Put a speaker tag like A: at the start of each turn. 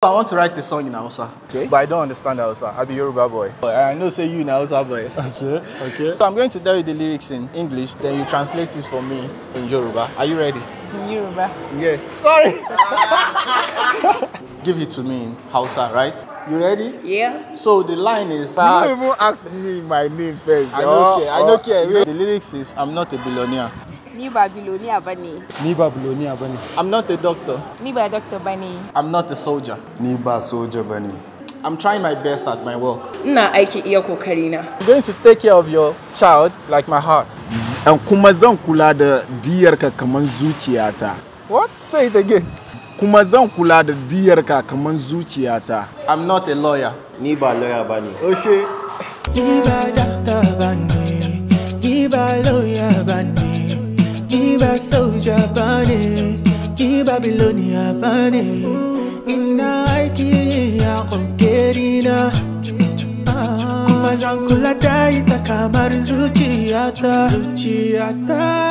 A: I want to write a song in Hausa, okay. but I don't understand Hausa. i will be Yoruba boy. I know say you in Hausa boy. Okay, okay. So I'm going to tell you the lyrics in English, then you translate it for me in Yoruba. Are you ready? In Yoruba? Yes. Sorry! Give it to me in Hausa, right? You ready? Yeah. So the line is... Uh, you
B: don't even ask me my name first. I don't care, I don't oh.
A: care. The lyrics is, I'm not a billionaire.
B: Ni ba biloniya ba ne.
A: Ni ba biloniya ba ne. I'm not a doctor.
B: Ni ba doctor ba ne.
A: I'm not a soldier.
B: Ni ba soldier ba ne.
A: I'm trying my best at my work.
B: Ina aiki iya kokari na. I'm going to take care of your child like my heart. Kuma zan kula da diyarka kamar zuciyata. What? Say it again. Kuma zan kula da diyarka kamar
C: zuciyata. I'm
D: not a lawyer. Ni ba lawyer ba ne.
C: Oshe. Ni ba doctor ba ne. Ni ba lawyer ba ne. Iraq soldier burning, in Babylonia burning. Ina aiki ya kogerina. Kuma zankula da kamar zuciyata. Zuciyata.